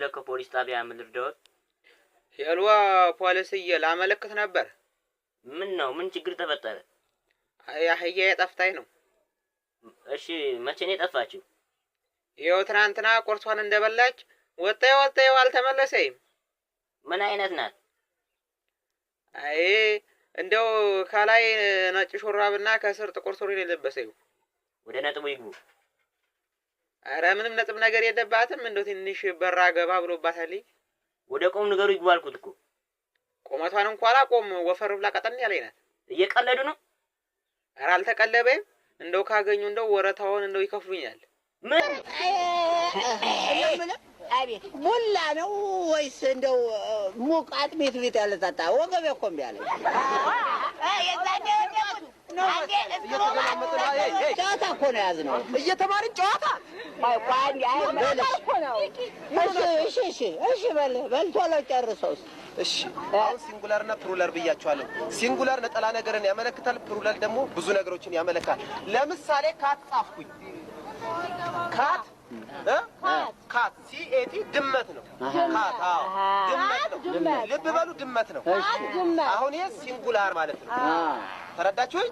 የሚለቅ ፖሊስ ጣቢያ ምልርደወት ሄልዋ ፖሊስዬ ላመለክት ነበር። ምን ነው? ምን ችግር ተፈጠረ? አህያዬ ጠፍታኝ ነው። እሺ፣ መቼ ነው የጠፋችው? ይኸው ትናንትና ቁርሷን እንደበላች ወጣ ወጣዩ አልተመለሰይም። ምን አይነት ናት? አይ እንደው ከላይ ነጭ ሹራብና ከስር ጥቁር ሱሪ የለበሰው። ወደ ነጥቡ ይግቡ። ኧረ ምንም ነጥብ ነገር የለባትም። እንደው ትንሽ በራ ገባ ብሎባታል። ወደ ቆም ንገሩ ይግቡ አልኩት እኮ ቁመቷን እንኳ አላቆም፣ ወፈር ብላ ቀጠን ያለች ናት። እየቀለዱ ነው? ኧረ አልተቀለበም። እንደው ካገኙ እንደው ወረታውን እንደው ይከፍሉኛል። ምን አቤት ሙላ ነው ወይስ እንደው ሙቅ ቤት ቤት ያለጣጣ ወገቤ እኮ እምቢ አለኝ። ጨዋታ እኮ ነው የያዝነው፣ እየተማርን ጨዋታ። እሺ በል በል ቶሎ ጨርሰውስ። እሺ አሁን ሲንጉላር እና ፕሩለር ብያቸዋለሁ። ሲንጉላር ነጠላ ነገርን ያመለክታል። ፕሩለር ደግሞ ብዙ ነገሮችን ያመለክታል። ለምሳሌ ካት ጻፍኩኝ ካት ካት ሲኤቲ ድመት ነው። ካት አዎ፣ ድመት ነው። ልብ በሉ ድመት ነው። አሁን ይህ ሲንጉላር ማለት ነው። ተረዳችሁኝ?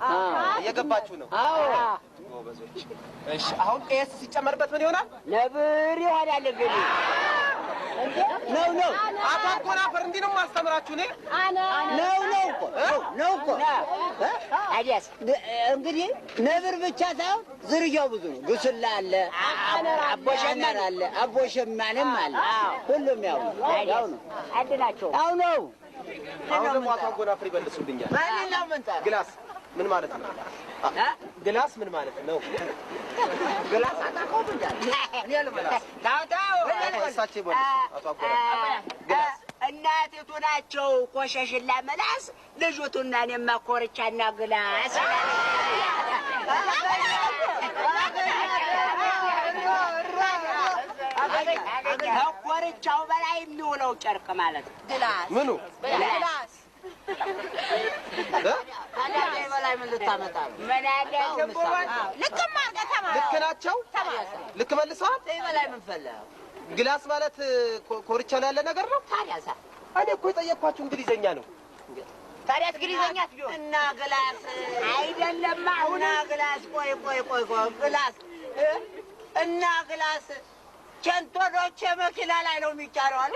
እየገባችሁ ነው? እሺ። አሁን ኤስ ሲጨመርበት ምን ይሆናል? ነብር ይሆናል። ነው ነው አቶ አጎናፍር እንዲህ ነው የማስተምራችሁ እኔ ነው ነው እኮ ነው እኮ ታዲያስ እንግዲህ ነብር ብቻ ሳይሆን ዝርያው ብዙ ነው። ጉስላ አለ፣ አቦሸማን አለ፣ አቦሸማንም አለ። ሁሉም ያው ያው ነው። አንድ ናቸው። አው ነው። አሁን ደግሞ አቶ አጎናፍር ይመልሱልኛል። ግላስ من مالت من قلاص من مالت نو قلاص انا خوف من جاي هني له قلاص لا تاو ساتي بولس اتوقع قلاص እናት የቱ ናቸው ቆሸሽላ መላስ ልጅቱ እና እኔ ማኮርቻ እና ግላስ ከኮርቻው በላይ የሚውለው ጨርቅ ማለት ነው ምኑ ግላስ ላይ ምን ልታመጣ ነው? ልክ መልሰዋል። ግላስ ማለት ኮርቻ ላይ ያለ ነገር ነው። ታዲያ እዛ እኔ እኮ የጠየቅኳችሁ እንግሊዘኛ ነው። ታዲያ እንግሊዘኛ እና ግላስ አይደለም። አሁን ግላስ፣ ቆይ ቆይ ቆይ ቆይ፣ ግላስ እና ግላስ ቸንቶዶች መኪና ላይ ነው የሚጫረዋል።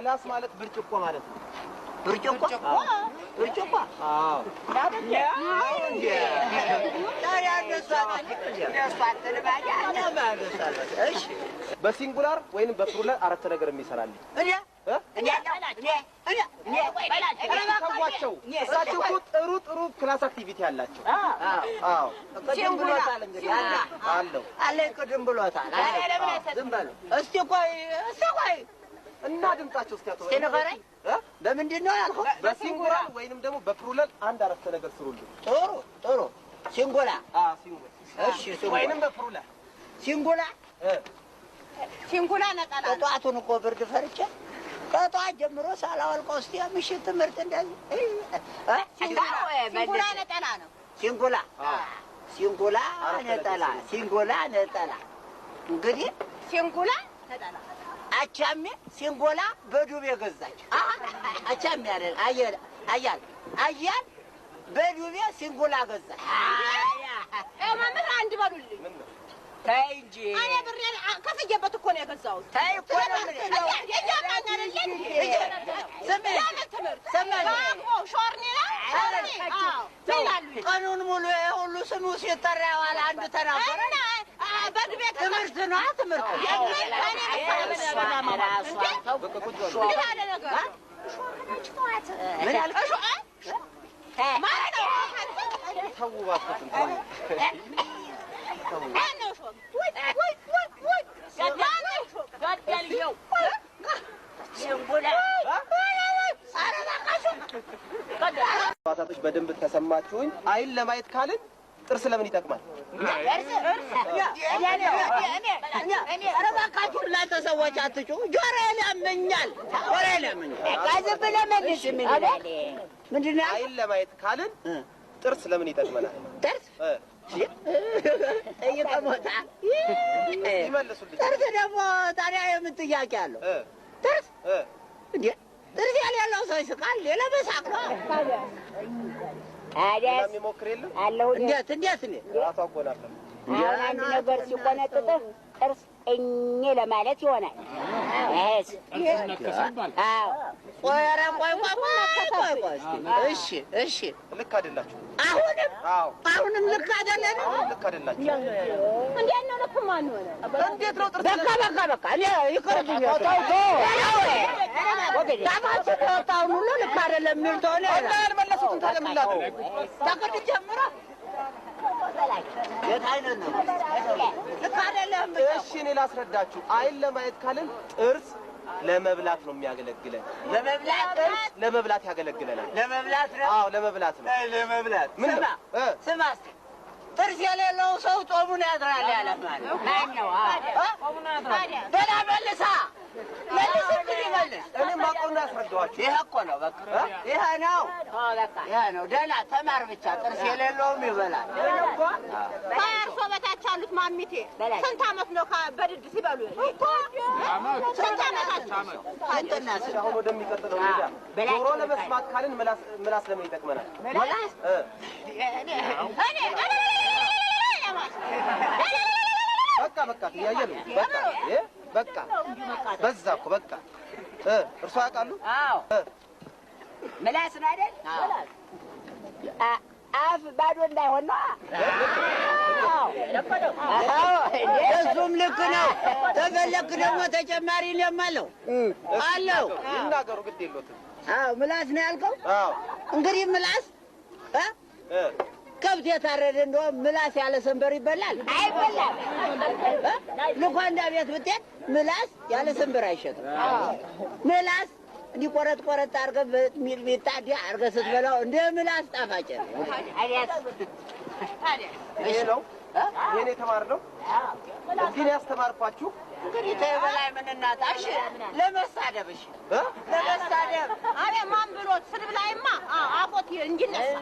ግላስ ማለት ብርጭቆ ማለት ነው። ብርጭቆ በሲንጉላር ወይንም በፕሉራል አረፍተ ነገር የሚሰራል ሰዋቸው እሳቸው እኮ ጥሩ ጥሩ ክላስ አክቲቪቲ አላቸው። አለው አለ ቅድም እስቲ ቆይ እና ድምጣቸው እስቲ አቶ በምንድን ነው ያልኸው? በሲንጎላ ወይንም ደግሞ በፕሩለል አንድ አረፍተ ነገር ስሩልኝ። ጥሩ ጥሩ። ሲንጎላ እሺ። ወይንም በፕሉራል ሲንጎላ ሲንጎላ ነጠላ ጠዋቱን እኮ ብርድ ፈርቼ ከጠዋት ጀምሮ ሳላወልቀው እስኪ ምሽት ትምህርት እንደዚህ ሲንጎላ ነጠላ ነው። ሲንጎላ ሲንጎላ ነጠላ ሲንጎላ ነጠላ እንግዲህ ሲንጎላ ነጠላ አቻሜ ሲንጎላ በዱቤ ገዛች። አቻሜ አይደል አያል አያል አያል በዱቤ ሲንጎላ ገዛች። መምህር አንድ በሉልኝ። ተይ እንጂ እኔ ብሬ ከፍዬበት እኮ ነው የገዛሁት። ተይ እኮ ነው ቀኑን ሙሉ ሁሉ ስሙ ሲጠራ የዋለ አንድ ተናገረ። ትምህርት ነዋ ትምህርት በደንብ ተሰማችሁኝ? አይን ለማየት ካልን ጥርስ ለምን ይጠቅማል? ኧረ እባካችሁ እናንተ ሰዎች አትጩ፣ ጆሮዬ ላመኛል። ምንድን ነው አይን ለማየት ካልን ጥርስ ለምን ይጠቅመናል? ጥርስ ይጠቅሞታ ይመልሱልኝ። ጥርስ ደግሞ ታዲያ የምን ጥያቄ አለው? ጥርስ እንዴ እዚያ ያለው ሰው ይስቃል። ሌላ መሳቅ ነው። ታዲያስ አለሁ። እንዴት እንዴት እኔ ራሱ አጎናለሁ። አሁን አንድ ነገር ሲቆነጥጥህ ጥርስ እኝ ለማለት ይሆናል። እሺ እሺ እኔ ላስረዳችሁ። አይን ለማየት ካልን ጥርስ ለመብላት ነው የሚያገለግለን። ለመብላት ለመብላት ያገለግለናል። ለመብላት ነው። አዎ ለመብላት ነው። ለመብላት ምን ስማ ጥርስ የሌለው ሰው ጾሙን ያድራል ያለ ማለት ነው። በላ መልሳ እኔ ማቆና አስረዳኋቸው። ይሄ እኮ ነው፣ በቃ ይሄ ነው፣ ይሄ ነው። ደህና ተማር ብቻ፣ ጥርስ የሌለውም ይበላል። ከእርሶ በታች አሉት ማሚቴ ስንት ዓመት ነው በድድ ሲበሉ? ስንት ዓመታቸው? ጆሮ ለመስማት ካልን ምላስ ለምን ይጠቅመናል? በቃ በቃ ትያየ ነው በቃ በቃ በዛ እኮ በቃ እርሷ ያውቃሉ። አዎ ምላስ ነው አይደል? አፍ ባዶ እንዳይሆን ነው። እሱም ልክ ነው። ተፈለክ ደግሞ ተጨማሪ ለማለው አለው ይናገሩ፣ ግድ የለውም። አዎ ምላስ ነው ያልከው። እንግዲህ ምላስ ከብት የታረደ እንደውም ምላስ ያለ ሰንበር ይበላል አይበላል? ልኳንዳ ቤት ብትሄድ ምላስ ያለ ሰንበር አይሸጥም። ምላስ እንዲህ ቆረጥ ቆረጥ አድርገህ በሚጥሚጣ እንዲህ አርገ ስትበላው እንደ ምላስ ጣፋጭ ነው። ይሄን ነው እዚህ ያስተማርኳችሁ እንግዲህ ተይው በላይ ምን እናታሽ ለመሳደብ እሺ፣ ለመሳደብ አቤ ማን ብሎት ስድብ ላይማ አፎት እንዲነሳ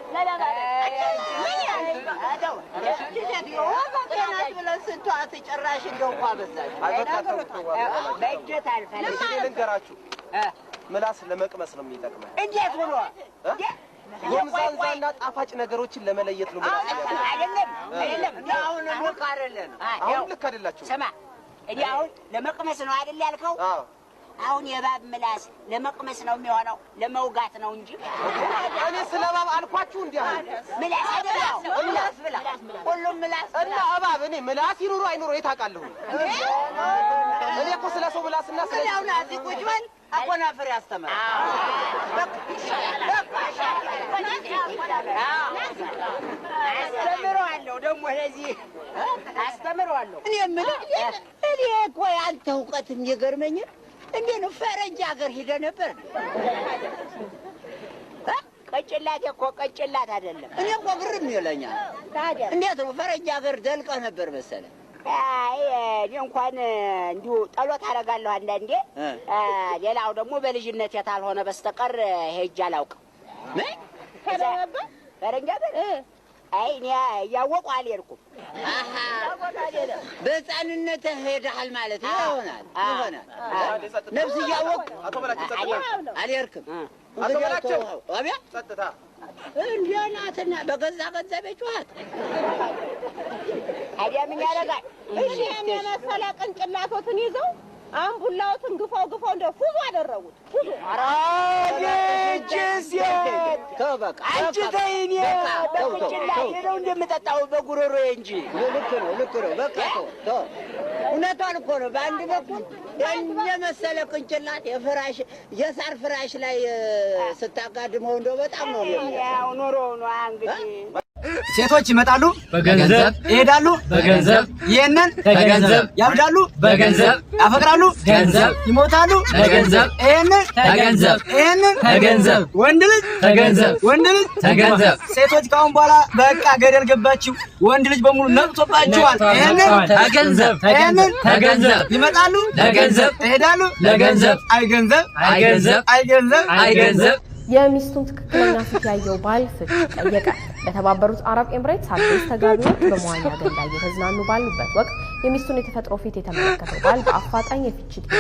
ምላስ ለመቅመስ ነው የሚጠቅመን። እንዴት ብሎ ጎምዛዛና ጣፋጭ ነገሮችን ለመለየት ነው። አይደለም አይደለም፣ አሁን ልክ አይደላችሁ። ስማ እኔ አሁን ለመቅመስ ነው አይደል ያልከው አሁን የእባብ ምላስ ለመቅመስ ነው የሚሆነው፣ ለመውጋት ነው እንጂ እኔ ስለ እባብ አልኳችሁ። እንዲ ምላስ ምላስ ሁሉም ምላስ እና እባብ እኔ ምላስ ይኑሩ አይኑሩ የት እኔ እኮ ስለ ሰው ምላስና ስለሁን እዚህ ቁጭ በል አጎናፍሬ አስተምረዋለሁ፣ ደግሞ ለዚህ አስተምረዋለሁ። እኔ የምልህ እኔ እኮ የአንተ እውቀት የሚገርመኝ እንዴ ነው ፈረንጅ ሀገር ሂደ ነበር? ቀጭላት እኮ ቀጭላት አይደለም። እኔ እኮ ግርም ይለኛል። እንዴት ነው ፈረንጅ ሀገር ደልቀህ ነበር መሰለ? አይ እኔ እንኳን እንዲሁ ጠሎት አደርጋለሁ አንዳንዴ። ሌላው ደግሞ በልጅነት የታልሆነ በስተቀር ሄጄ አላውቅም። ፈረንጅ ሀገር አይ እኔ እያወቁ አልሄድኩም። በህፃንነት ሄደሃል ማለት ይሆናል ይሆናል። ነፍስ እያወቅ አልሄድክም። አቤት እንዲያ በገዛ ገንዘብ ጩኸት አዲያ ምን ያደርጋል? እሺ የመሰለ ቅንጭላቶትን ይዘው አምቡላውትን ግፋው ግፋው እንደ ፉዙ አደረጉት። ፉዞ አንቺ ተይኝ፣ በቁጭላ ሄደው እንደምጠጣው በጉሮሮ እንጂ ልክ ነው፣ ልክ ነው። በቃ እውነቷን እኮ ነው። በአንድ በኩል ቅንጭላት የፍራሽ የሳር ፍራሽ ላይ ስታጋድመው እንደው በጣም ነው ያው ነው እንግዲህ ሴቶች ይመጣሉ በገንዘብ፣ ይሄዳሉ በገንዘብ፣ ይሄንን በገንዘብ፣ ያብዳሉ በገንዘብ፣ ያፈቅራሉ ገንዘብ፣ ይሞታሉ በገንዘብ፣ ይሄንን በገንዘብ፣ ይሄንን በገንዘብ፣ ወንድ ልጅ በገንዘብ፣ ወንድ ልጅ በገንዘብ። ሴቶች ካሁን በኋላ በቃ ገደል ገባችሁ፣ ወንድ ልጅ በሙሉ ነቅቶባችኋል። ይሄንን በገንዘብ፣ ይሄንን በገንዘብ፣ ይመጣሉ ለገንዘብ፣ ይሄዳሉ ለገንዘብ፣ አይገንዘብ፣ አይገንዘብ፣ አይገንዘብ፣ አይገንዘብ። የሚስቱን ትክክለኛ ፍች ያየው ባል ፍች ጠየቀ። በተባበሩት አረብ ኤምሬትስ አዲስ ተጋቢዎች በመዋኛ ገንዳ እየተዝናኑ ባሉበት ወቅት የሚስቱን የተፈጥሮ ፊት የተመለከተው ባል በአፋጣኝ የፊት ችግር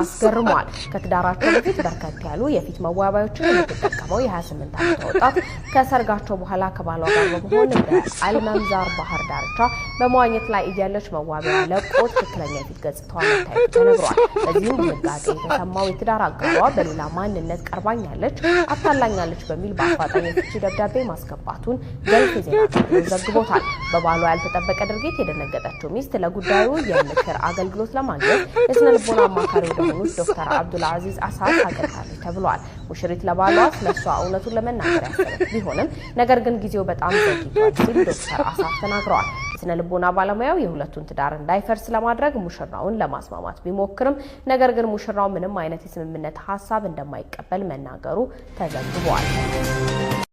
አስገርሟል። ከትዳራቸው በፊት በርከት ያሉ የፊት መዋቢያዎችን የምትጠቀመው የ28 ዓመት ወጣት ከሰርጋቸው በኋላ ከባሏ ጋር በመሆን በአልመምዛር ባህር ዳርቻ በመዋኘት ላይ እያለች መዋቢያ ለቆ ትክክለኛ የፊት ገጽታዋ መታየቱ ተነግሯል። በዚህም ድንጋጤ የተሰማው የትዳር አጋሯ በሌላ ማንነት ቀርባኛለች፣ አታላኛለች በሚል በአፋጣኝ የፍቺ ደብዳቤ ማስገባቱን ገልፍ ዜና ዘግቦታል። በባሏ ያልተጠበቀ ድርጊት የደነገጠችው ሚስት ለጉዳዩ የምክር አገልግሎት ለማግኘት የስነ ልቦና አማካሪ ወደሆኑት ዶክተር አብዱልአዚዝ አሳ አቅርታለች ተብሏል። ሙሽሪት ለባሏ ስለሷ እውነቱን ለመናገር ያሰበች ቢሆንም ነገር ግን ጊዜው በጣም ዘግይቷል ሲል ዶክተር አሳ ተናግረዋል። የስነ ልቦና ባለሙያው የሁለቱን ትዳር እንዳይፈርስ ለማድረግ ሙሽራውን ለማስማማት ቢሞክርም ነገር ግን ሙሽራው ምንም አይነት የስምምነት ሀሳብ እንደማይቀበል መናገሩ ተዘግቧል።